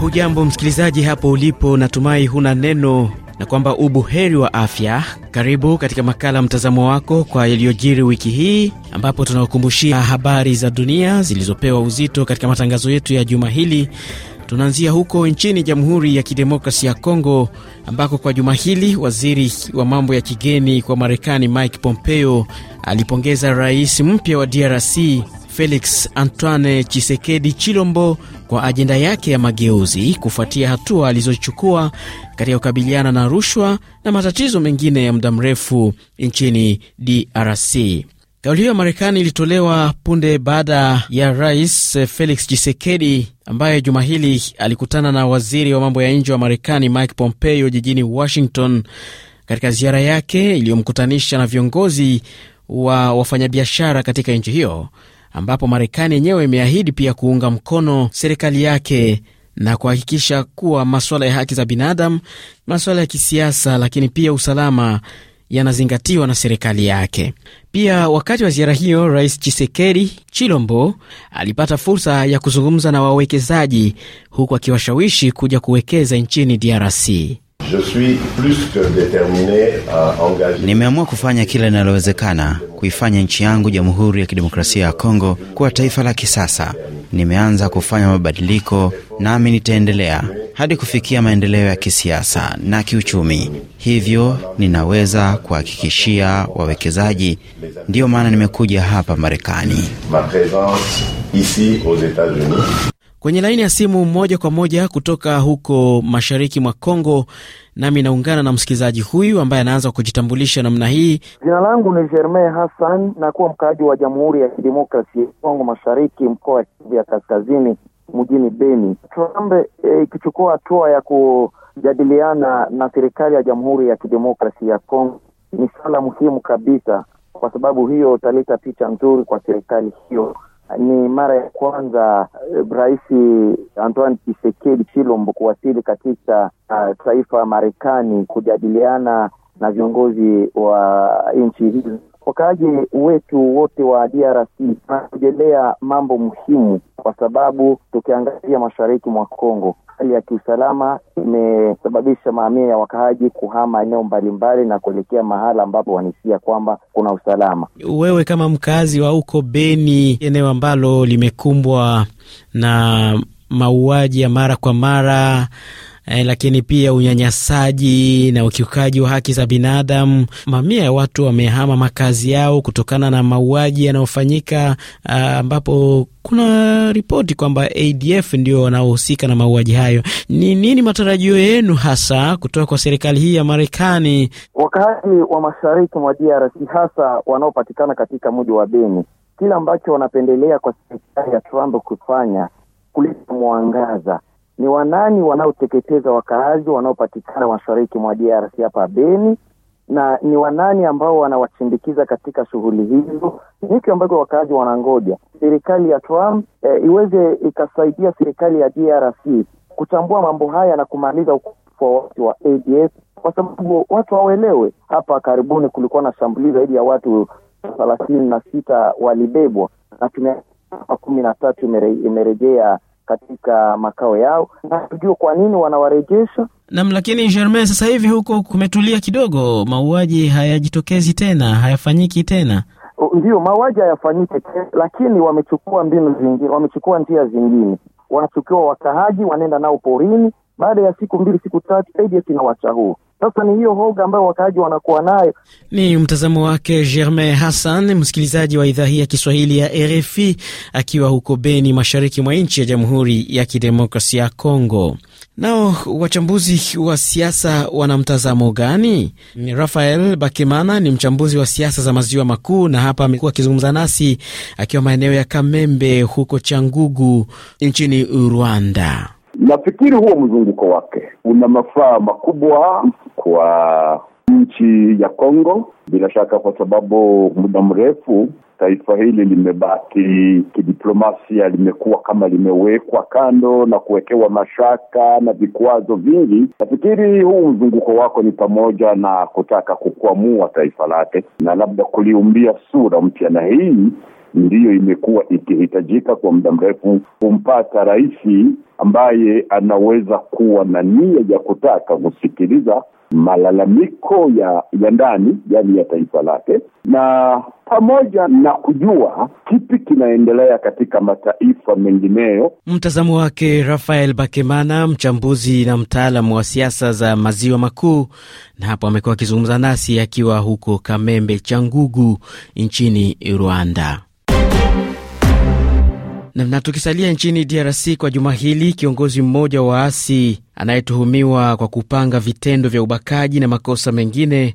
Hujambo msikilizaji hapo ulipo, natumai huna neno na kwamba ubuheri wa afya. Karibu katika makala mtazamo wako kwa yaliyojiri wiki hii, ambapo tunawakumbushia habari za dunia zilizopewa uzito katika matangazo yetu ya juma hili. Tunaanzia huko nchini Jamhuri ya Kidemokrasi ya congo ambako kwa juma hili waziri wa mambo ya kigeni kwa Marekani Mike Pompeo alipongeza rais mpya wa DRC Felix Antoine Chisekedi Chilombo kwa ajenda yake ya mageuzi kufuatia hatua alizochukua katika kukabiliana na rushwa na matatizo mengine ya muda mrefu nchini DRC. Kauli hiyo ya Marekani ilitolewa punde baada ya Rais Felix Chisekedi ambaye juma hili alikutana na waziri wa mambo ya nje wa Marekani Mike Pompeo jijini Washington katika ziara yake iliyomkutanisha na viongozi wa wafanyabiashara katika nchi hiyo ambapo Marekani yenyewe imeahidi pia kuunga mkono serikali yake na kuhakikisha kuwa masuala ya haki za binadamu, masuala ya kisiasa, lakini pia usalama yanazingatiwa na serikali yake. Pia wakati wa ziara hiyo, Rais Chisekedi Chilombo alipata fursa ya kuzungumza na wawekezaji, huku akiwashawishi kuja kuwekeza nchini DRC. Nimeamua kufanya kila linalowezekana kuifanya nchi yangu Jamhuri ya Kidemokrasia ya Kongo kuwa taifa la kisasa. Nimeanza kufanya mabadiliko nami nitaendelea hadi kufikia maendeleo ya kisiasa na kiuchumi. Hivyo ninaweza kuhakikishia wawekezaji, ndiyo maana nimekuja hapa Marekani. Kwenye laini ya simu moja kwa moja kutoka huko mashariki mwa Kongo, nami naungana na msikilizaji huyu ambaye anaanza kujitambulisha namna hii. Jina langu ni Germain Hassan, nakuwa mkaaji wa Jamhuri ya Kidemokrasi ya Kongo Mashariki, mkoa wa Kivu ya Kaskazini, mjini Beni. Trump e, ikichukua e, hatua ya kujadiliana na serikali ya Jamhuri ya Kidemokrasi ya Kongo ni sala muhimu kabisa, kwa sababu hiyo utaleta picha nzuri kwa serikali hiyo ni mara ya kwanza eh, Rais Antoine Tshisekedi Chilombo kuwasili katika uh, taifa Marekani kujadiliana na viongozi wa nchi hizo wakaaji wetu wote wa DRC wanarejelea mambo muhimu, kwa sababu tukiangazia mashariki mwa Kongo, hali ya kiusalama imesababisha maamia ya wakaaji kuhama eneo mbalimbali na kuelekea mahala ambapo wanisia kwamba kuna usalama. Wewe kama mkazi wa huko Beni, eneo ambalo limekumbwa na mauaji ya mara kwa mara eh, lakini pia unyanyasaji na ukiukaji wa haki za binadamu. Mamia ya watu wamehama makazi yao kutokana na mauaji yanayofanyika, ah, ambapo uh, kuna ripoti kwamba ADF ndio wanaohusika na mauaji hayo. Ni nini matarajio yenu hasa kutoka kwa serikali hii ya Marekani? Wakazi wa mashariki mwa DRC hasa wanaopatikana katika mji wa Beni, kile ambacho wanapendelea kwa serikali ya Trump kufanya kuleta mwangaza ni wanani wanaoteketeza wakaazi wanaopatikana mashariki mwa DRC hapa Beni, na ni wanani ambao wanawashindikiza katika shughuli hizo. Hiki ambacho wakaazi wanangoja serikali ya Trump e, iweze ikasaidia serikali ya DRC kuchambua mambo haya na kumaliza ukosefu wa watu wa ADF, kwa sababu watu hawelewe. Hapa karibuni kulikuwa na shambulii zaidi ya watu thelathini na sita walibebwa na tuna kumi na tatu imerejea katika makao yao, na tujue kwa nini wanawarejesha. nam lakini Germain, sasa hivi huko kumetulia kidogo, mauaji hayajitokezi tena, hayafanyiki tena. ndio mauaji hayafanyike tena, lakini wamechukua mbinu zingine, wamechukua njia zingine. Wanachukua wakaaji, wanaenda nao porini. Baada ya siku mbili, siku tatu, ADF huo sasa ni hiyo hoga ambayo wakaaji wanakuwa nayo. Ni mtazamo wake Germain Hassan, msikilizaji wa idhaa hii ya Kiswahili ya RFI akiwa huko Beni, mashariki mwa nchi ya Jamhuri ya Kidemokrasia ya Kongo. Nao wachambuzi wa siasa wana mtazamo gani? Rafael Bakemana ni mchambuzi wa siasa za maziwa makuu, na hapa amekuwa akizungumza nasi akiwa maeneo ya Kamembe huko Changugu nchini Rwanda. Nafikiri huo mzunguko wake una mafaa makubwa kwa nchi ya Kongo, bila shaka, kwa sababu muda mrefu taifa hili limebaki kidiplomasia, limekuwa kama limewekwa kando na kuwekewa mashaka na vikwazo vingi. Nafikiri huu mzunguko wako ni pamoja na kutaka kukwamua taifa lake na labda kuliumbia sura mpya, na hii ndiyo imekuwa ikihitajika kwa muda mrefu kumpata rais ambaye anaweza kuwa na nia ya kutaka kusikiliza malalamiko ya ya ndani yani ya taifa lake, na pamoja na kujua kipi kinaendelea katika mataifa mengineyo. Mtazamo wake Rafael Bakemana, mchambuzi na mtaalamu wa siasa za maziwa makuu, na hapo amekuwa akizungumza nasi akiwa huko Kamembe Changugu nchini Rwanda. Na tukisalia nchini DRC kwa juma hili, kiongozi mmoja wa waasi anayetuhumiwa kwa kupanga vitendo vya ubakaji na makosa mengine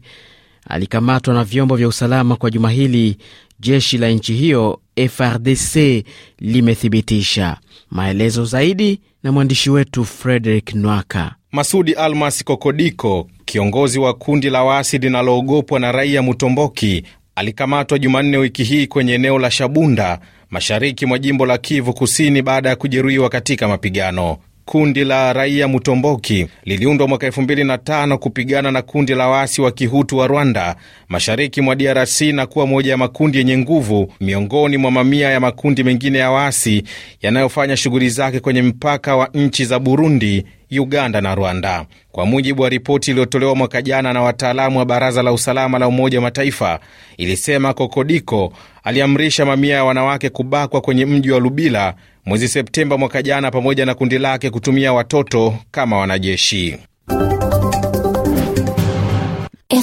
alikamatwa na vyombo vya usalama kwa juma hili, jeshi la nchi hiyo FRDC limethibitisha. Maelezo zaidi na mwandishi wetu Frederick Nwaka. Masudi Almas Kokodiko, kiongozi wa kundi la waasi linaloogopwa na raia Mutomboki, alikamatwa Jumanne wiki hii kwenye eneo la Shabunda mashariki mwa jimbo la Kivu Kusini baada ya kujeruhiwa katika mapigano. Kundi la raia Mutomboki liliundwa mwaka 2005 kupigana na kundi la waasi wa kihutu wa Rwanda mashariki mwa DRC na kuwa moja ya makundi yenye nguvu miongoni mwa mamia ya makundi mengine ya waasi yanayofanya shughuli zake kwenye mpaka wa nchi za Burundi, Uganda na Rwanda. Kwa mujibu wa ripoti iliyotolewa mwaka jana na wataalamu wa Baraza la Usalama la Umoja wa Mataifa, ilisema Kokodiko aliamrisha mamia ya wanawake kubakwa kwenye mji wa Lubila mwezi Septemba mwaka jana, pamoja na kundi lake kutumia watoto kama wanajeshi.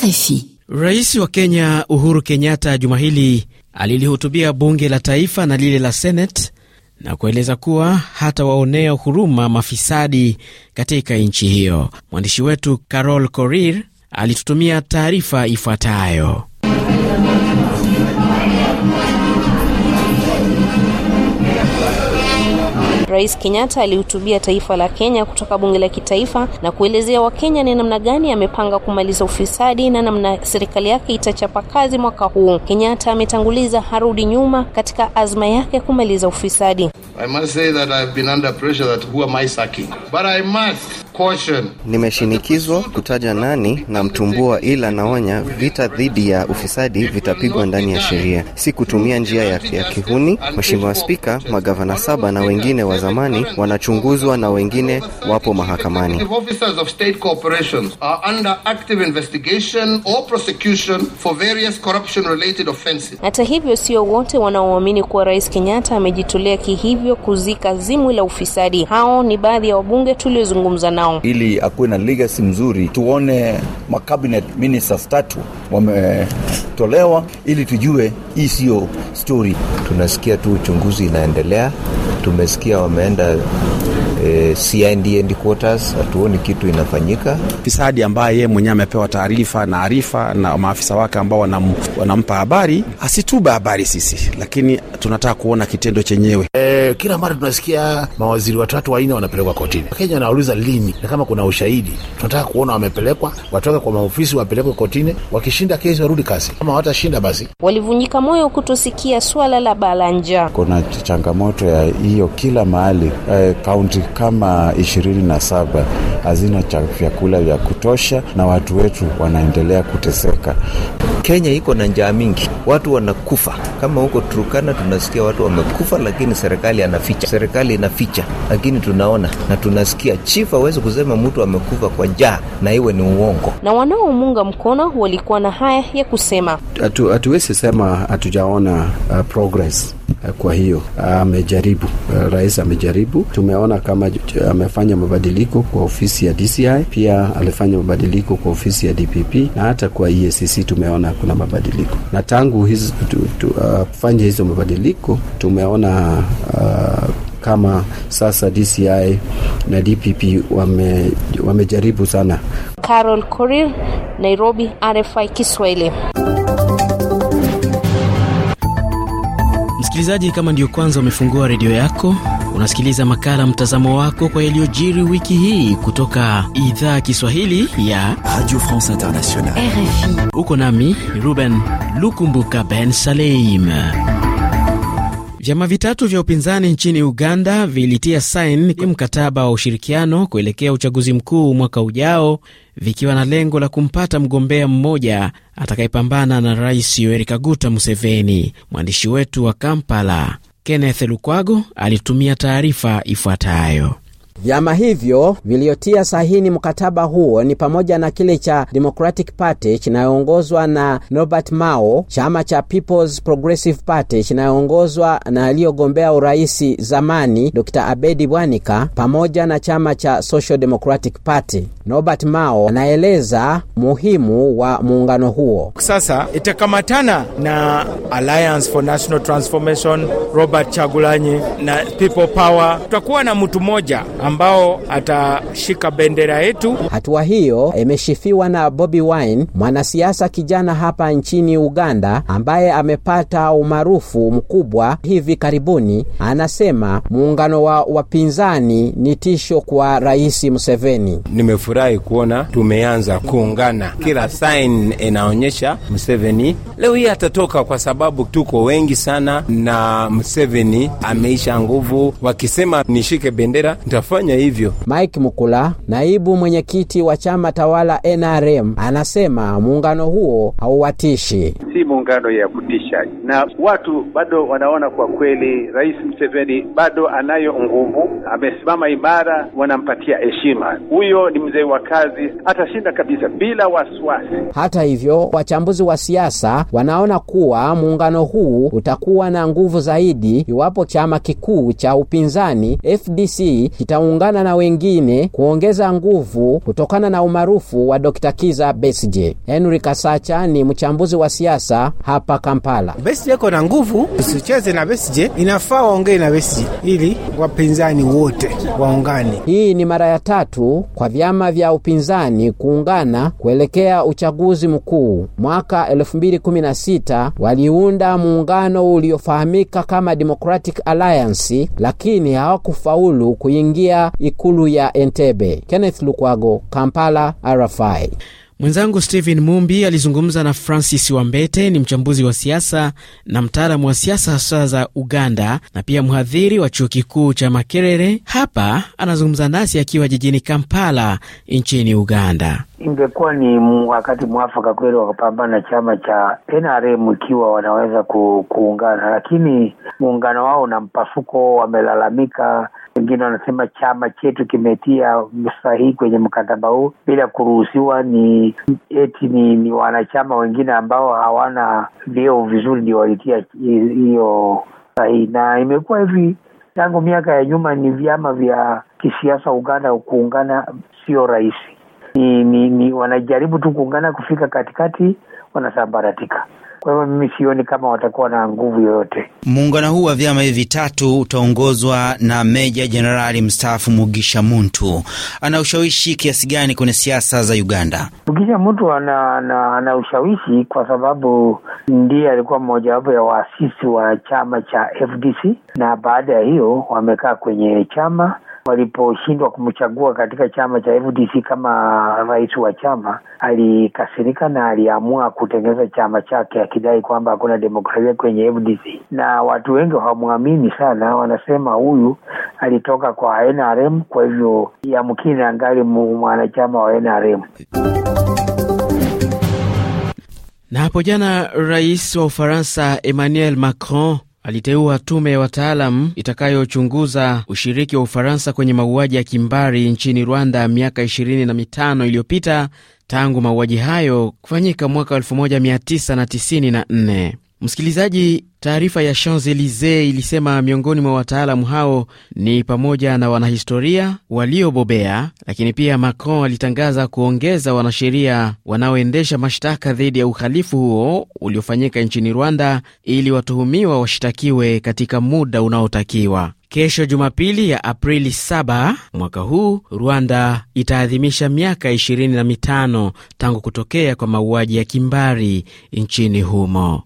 RFI. Rais wa Kenya Uhuru Kenyatta juma hili alilihutubia bunge la taifa na lile la Senate na kueleza kuwa hatawaonea huruma mafisadi katika nchi hiyo. Mwandishi wetu Carol Korir alitutumia taarifa ifuatayo. Rais Kenyatta alihutubia taifa la Kenya kutoka bunge la kitaifa na kuelezea Wakenya ni namna gani amepanga kumaliza ufisadi na namna serikali yake itachapa kazi mwaka huu. Kenyatta ametanguliza, harudi nyuma katika azma yake ya kumaliza ufisadi. I must say that I've been under pressure that who am I But I must caution. Nimeshinikizwa kutaja nani na mtumbua, ila naonya vita dhidi ya ufisadi vitapigwa ndani ya sheria, si kutumia njia ya, ya kihuni. Mheshimiwa Spika, magavana saba na wengine wa zamani wanachunguzwa na wengine wapo mahakamani. Hata hivyo, sio wote wanaoamini kuwa Rais Kenyatta amejitolea kihivyo kuzika zimu la ufisadi. Hao ni baadhi ya wabunge tuliozungumza nao. Ili akuwe na legacy mzuri, tuone makabinet ministers tatu wametolewa, ili tujue hii siyo stori. Tunasikia tu uchunguzi inaendelea tumesikia wameenda CNDN quarters, headquarters hatuoni kitu inafanyika. Fisadi ambaye yeye mwenyewe amepewa taarifa na arifa na maafisa wake ambao wanampa habari, asitube habari sisi, lakini tunataka kuona kitendo chenyewe. E, kila mara tunasikia mawaziri watatu wanne wanapelekwa kotini. Wakenya wanauliza lini, na kama kuna ushahidi tunataka kuona wamepelekwa, watoke kwa maofisi wapelekwe kotini, wakishinda kesi warudi kasi, kama watashinda basi. Walivunyika moyo kutosikia swala la balaa njaa. Kuna changamoto ya hiyo kila mahali, eh, kaunti kama kama ishirini na saba hazina vyakula vya kutosha, na watu wetu wanaendelea kuteseka. Kenya iko na njaa mingi, watu wanakufa. Kama huko Turukana tunasikia watu wamekufa, lakini serikali anaficha, serikali inaficha, lakini tunaona na tunasikia. Chifu hawezi kusema mtu amekufa kwa njaa na iwe ni uongo. Na wanaomunga mkono walikuwa na haya ya kusema, hatuwezi sema hatujaona uh, progress Eh, kwa hiyo amejaribu, eh, rais amejaribu, tumeona kama amefanya mabadiliko kwa ofisi ya DCI, pia alifanya mabadiliko kwa ofisi ya DPP na hata kwa EACC tumeona kuna mabadiliko, na tangu ah, kufanya hizo mabadiliko tumeona uh, kama sasa DCI na DPP wame, wamejaribu sana. Carol Korir, Nairobi, RFI Kiswahili. Msikilizaji, kama ndiyo kwanza umefungua redio yako, unasikiliza makala mtazamo wako kwa yaliyojiri wiki hii kutoka idhaa Kiswahili ya Radio France Internationale, RFI. Uko nami Ruben Lukumbuka Ben Saleim. Vyama vitatu vya upinzani nchini Uganda vilitia sain mkataba wa ushirikiano kuelekea uchaguzi mkuu mwaka ujao, vikiwa na lengo la kumpata mgombea mmoja atakayepambana na Rais Yoweri Kaguta Museveni. Mwandishi wetu wa Kampala Kenneth Lukwago alitumia taarifa ifuatayo. Vyama hivyo viliyotia sahini mkataba huo ni pamoja na kile cha Democratic Party chinayoongozwa na Norbert Mao, chama cha People's Progressive Party chinayoongozwa na aliyogombea uraisi zamani Dr. Abedi Bwanika pamoja na chama cha Social Democratic Party. Norbert Mao anaeleza muhimu wa muungano huo. Sasa itakamatana na Alliance for National Transformation, Robert Chagulanyi na People Power, tutakuwa na mtu mmoja ambao atashika bendera yetu. Hatua hiyo imeshifiwa na Bobi Wine, mwanasiasa kijana hapa nchini Uganda ambaye amepata umaarufu mkubwa hivi karibuni. Anasema muungano wa wapinzani ni tisho kwa Rais Museveni. Nimefurahi kuona tumeanza kuungana, kila sign inaonyesha Museveni leo hii atatoka, kwa sababu tuko wengi sana na Museveni ameisha nguvu. Wakisema nishike bendera nitafanya kufanya hivyo. Mike Mukula, naibu mwenyekiti wa chama tawala NRM, anasema muungano huo hauwatishi. Si muungano ya kutisha, na watu bado wanaona kwa kweli Rais mseveni bado anayo nguvu, amesimama imara, wanampatia heshima. Huyo ni mzee wa kazi, atashinda kabisa bila wasiwasi. Hata hivyo, wachambuzi wa siasa wanaona kuwa muungano huu utakuwa na nguvu zaidi iwapo chama kikuu cha upinzani FDC kita wataungana na wengine kuongeza nguvu kutokana na umaarufu wa Dr. Kiza Besije. Henry Kasacha ni mchambuzi wa siasa hapa Kampala. Besije iko na nguvu, usicheze na Besije, inafaa waongee na Besije ili wapinzani wote waungane. Hii ni mara ya tatu kwa vyama vya upinzani kuungana kuelekea uchaguzi mkuu. Mwaka 2016 waliunda muungano uliofahamika kama Democratic Alliance, lakini hawakufaulu kuingia kuingia ikulu ya Entebbe. Kenneth Lukwago, Kampala, RFI. Mwenzangu Stephen Mumbi alizungumza na Francis Wambete, ni mchambuzi wa siasa na mtaalamu wa siasa hasa za Uganda na pia mhadhiri wa chuo kikuu cha Makerere. Hapa anazungumza nasi akiwa jijini Kampala nchini Uganda. Ingekuwa ni wakati mwafaka kweli wa kupambana chama cha NRM ikiwa wanaweza ku, kuungana, lakini muungano wao na mpasuko, wamelalamika wengine wanasema chama chetu kimetia sahihi kwenye mkataba huu bila kuruhusiwa, ni eti ni, ni wanachama wengine ambao hawana vyeo vizuri ndio walitia hiyo sahihi, na imekuwa hivi tangu miaka ya nyuma. Ni vyama vya kisiasa Uganda kuungana sio rahisi, ni, ni, ni wanajaribu tu kuungana, kufika katikati wanasambaratika. Kwa hivyo mimi sioni kama watakuwa na nguvu yoyote. Muungano huu wa vyama hivi vitatu utaongozwa na meja jenerali mstaafu Mugisha Muntu. Ana ushawishi kiasi gani kwenye siasa za Uganda? Mugisha Muntu ana, ana, ana ushawishi kwa sababu ndiye alikuwa mmojawapo ya waasisi wa chama cha FDC na baada ya hiyo wamekaa kwenye chama waliposhindwa kumchagua katika chama cha FDC kama rais wa chama, alikasirika na aliamua kutengeneza chama chake akidai kwamba hakuna demokrasia kwenye FDC, na watu wengi hawamwamini sana, wanasema huyu alitoka kwa NRM, kwa hivyo yamkini angali mwanachama wa NRM. Na hapo jana rais wa Ufaransa Emmanuel Macron aliteua tume ya wataalam itakayochunguza ushiriki wa Ufaransa kwenye mauaji ya kimbari nchini Rwanda miaka 25 iliyopita tangu mauaji hayo kufanyika mwaka 1994. Msikilizaji, taarifa ya Champs Elysee ilisema miongoni mwa wataalamu hao ni pamoja na wanahistoria waliobobea, lakini pia Macron alitangaza kuongeza wanasheria wanaoendesha mashtaka dhidi ya uhalifu huo uliofanyika nchini Rwanda ili watuhumiwa washitakiwe katika muda unaotakiwa. Kesho Jumapili ya Aprili 7 mwaka huu, Rwanda itaadhimisha miaka 25 tangu kutokea kwa mauaji ya kimbari nchini humo.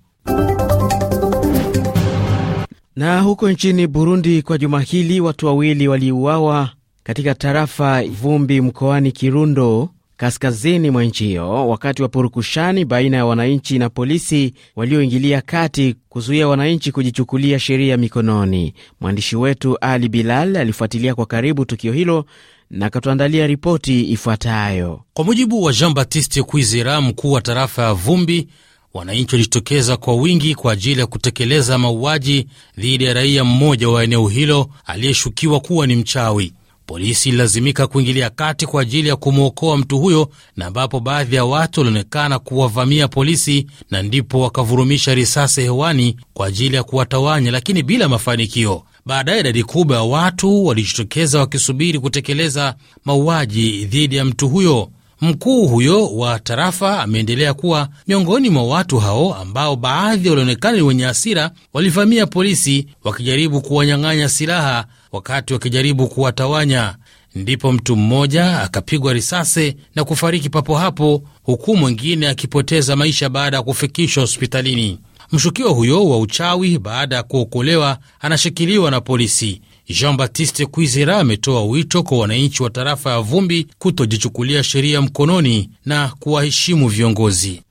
Na huko nchini Burundi kwa juma hili watu wawili waliuawa katika tarafa Vumbi mkoani Kirundo kaskazini mwa nchi hiyo wakati wa purukushani baina ya wananchi na polisi walioingilia kati kuzuia wananchi kujichukulia sheria mikononi. Mwandishi wetu Ali Bilal alifuatilia kwa karibu tukio hilo na akatuandalia ripoti ifuatayo. Kwa mujibu wa Jean Baptiste Kwizera, mkuu wa tarafa ya Vumbi, wananchi walijitokeza kwa wingi kwa ajili ya kutekeleza mauaji dhidi ya raia mmoja wa eneo hilo aliyeshukiwa kuwa ni mchawi. Polisi ililazimika kuingilia kati kwa ajili ya kumwokoa mtu huyo, na ambapo baadhi ya watu walionekana kuwavamia polisi na ndipo wakavurumisha risasi hewani kwa ajili ya kuwatawanya, lakini bila mafanikio. Baadaye idadi kubwa ya watu walijitokeza wakisubiri kutekeleza mauaji dhidi ya mtu huyo. Mkuu huyo wa tarafa ameendelea kuwa miongoni mwa watu hao ambao baadhi walionekana ni wenye hasira, walivamia polisi wakijaribu kuwanyang'anya silaha wakati wakijaribu kuwatawanya, ndipo mtu mmoja akapigwa risasi na kufariki papo hapo, huku mwingine akipoteza maisha baada ya kufikishwa hospitalini. Mshukiwa huyo wa uchawi baada ya kuokolewa anashikiliwa na polisi. Jean Baptiste Kwizera ametoa wito kwa wananchi wa tarafa ya Vumbi kutojichukulia sheria mkononi na kuwaheshimu viongozi.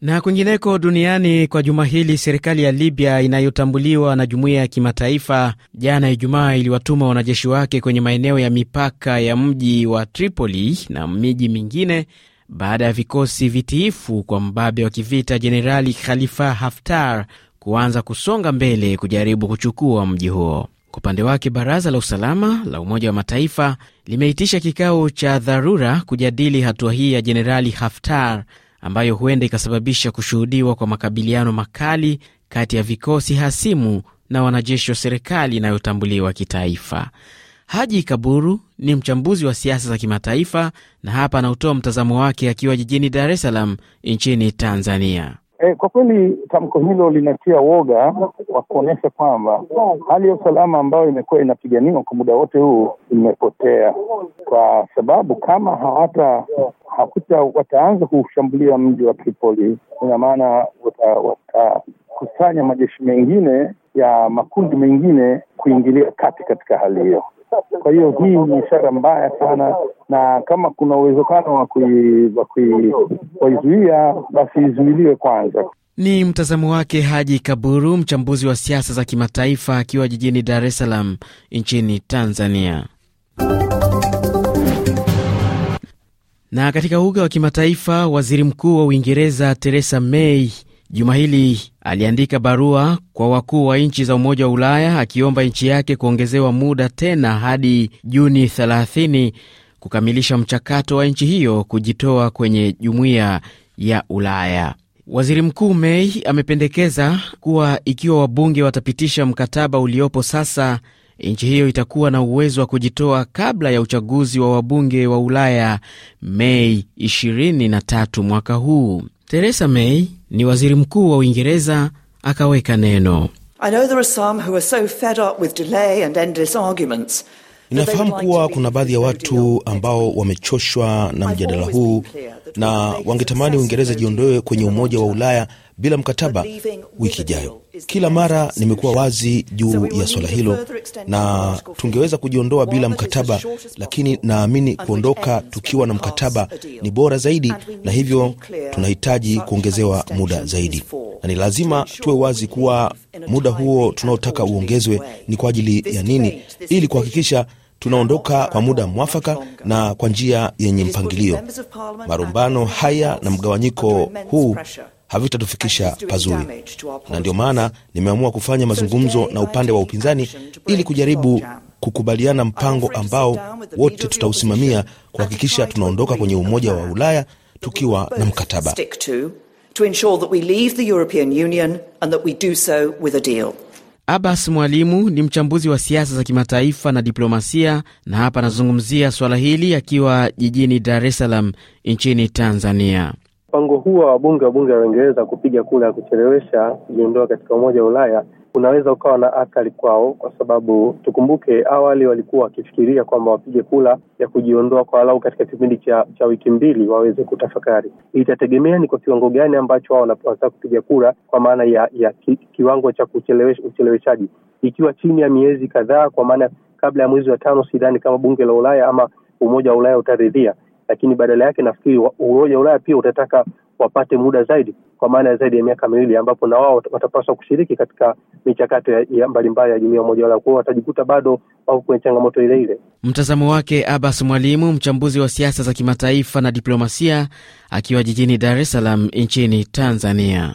Na kwingineko duniani kwa juma hili, serikali ya Libya inayotambuliwa na jumuiya ya kimataifa jana Ijumaa iliwatuma wanajeshi wake kwenye maeneo ya mipaka ya mji wa Tripoli na miji mingine baada ya vikosi vitiifu kwa mbabe wa kivita Jenerali Khalifa Haftar kuanza kusonga mbele kujaribu kuchukua mji huo. Kwa upande wake, baraza la usalama la Umoja wa Mataifa limeitisha kikao cha dharura kujadili hatua hii ya Jenerali Haftar ambayo huenda ikasababisha kushuhudiwa kwa makabiliano makali kati ya vikosi hasimu na wanajeshi wa serikali inayotambuliwa kitaifa. Haji Kaburu ni mchambuzi wa siasa za kimataifa na hapa anautoa mtazamo wake akiwa jijini Dar es Salaam nchini Tanzania. E, kwa kweli tamko hilo linatia woga wa kuonyesha kwamba hali ya usalama ambayo imekuwa inapiganiwa kwa muda wote huu imepotea, kwa sababu kama hawata hakuta wataanza kushambulia mji wa Tripoli, ina maana watakusanya wata majeshi mengine ya makundi mengine kuingilia kati katika hali hiyo. Kwa hiyo hii ni ishara mbaya sana, na kama kuna uwezekano wa kuizuia basi izuiliwe kwanza. Ni mtazamo wake Haji Kaburu, mchambuzi wa siasa za kimataifa akiwa jijini Dar es Salaam nchini Tanzania. Na katika uga wa kimataifa, waziri mkuu wa Uingereza Theresa May juma hili aliandika barua kwa wakuu wa nchi za Umoja wa Ulaya akiomba nchi yake kuongezewa muda tena hadi Juni 30 kukamilisha mchakato wa nchi hiyo kujitoa kwenye Jumuiya ya Ulaya. Waziri Mkuu Mei amependekeza kuwa ikiwa wabunge watapitisha mkataba uliopo sasa, nchi hiyo itakuwa na uwezo wa kujitoa kabla ya uchaguzi wa wabunge wa Ulaya Mei 23 mwaka huu. Theresa May ni waziri mkuu wa Uingereza akaweka neno. Inafahamu kuwa kuna baadhi ya watu ambao wamechoshwa na mjadala huu na wangetamani Uingereza jiondoe kwenye Umoja wa Ulaya bila mkataba wiki ijayo. Kila mara nimekuwa wazi juu ya swala hilo, na tungeweza kujiondoa bila mkataba, lakini naamini kuondoka tukiwa na mkataba ni bora zaidi, na hivyo tunahitaji kuongezewa muda zaidi, na ni lazima tuwe wazi kuwa muda huo tunaotaka uongezwe ni kwa ajili ya nini, ili kuhakikisha tunaondoka kwa muda mwafaka na kwa njia yenye mpangilio. Marumbano haya na mgawanyiko huu havitatufikisha pazuri, na ndio maana nimeamua kufanya mazungumzo na upande wa upinzani ili kujaribu kukubaliana mpango ambao wote tutausimamia kuhakikisha tunaondoka kwenye Umoja wa Ulaya tukiwa na mkataba. Abbas Mwalimu ni mchambuzi wa siasa za kimataifa na diplomasia, na hapa anazungumzia swala hili akiwa jijini Dar es Salaam nchini Tanzania. Mpango huo wa wabunge wa bunge la Uingereza kupiga kura ya kuchelewesha kujiondoa katika Umoja wa Ulaya unaweza ukawa na athari kwao, kwa sababu tukumbuke, awali walikuwa wakifikiria kwamba wapige kura ya kujiondoa kwa walau katika kipindi cha, cha wiki mbili waweze kutafakari. Itategemea ni kwa kiwango gani ambacho wao wanapaswa kupiga kura, kwa maana ya, ya ki, kiwango cha ucheleweshaji. Ikiwa chini ya miezi kadhaa, kwa maana kabla ya mwezi wa tano, sidhani kama bunge la Ulaya ama Umoja wa Ulaya utaridhia lakini badala yake nafikiri Umoja wa Ulaya pia utataka wapate muda zaidi, kwa maana ya zaidi ya miaka miwili, ambapo na wao watapaswa kushiriki katika michakato mbalimbali ya jumuia ya Umoja wa Ulaya. Kwa hiyo watajikuta bado wako kwenye changamoto ile ile. Mtazamo wake Abbas Mwalimu, mchambuzi wa siasa za kimataifa na diplomasia, akiwa jijini Dar es Salaam nchini Tanzania.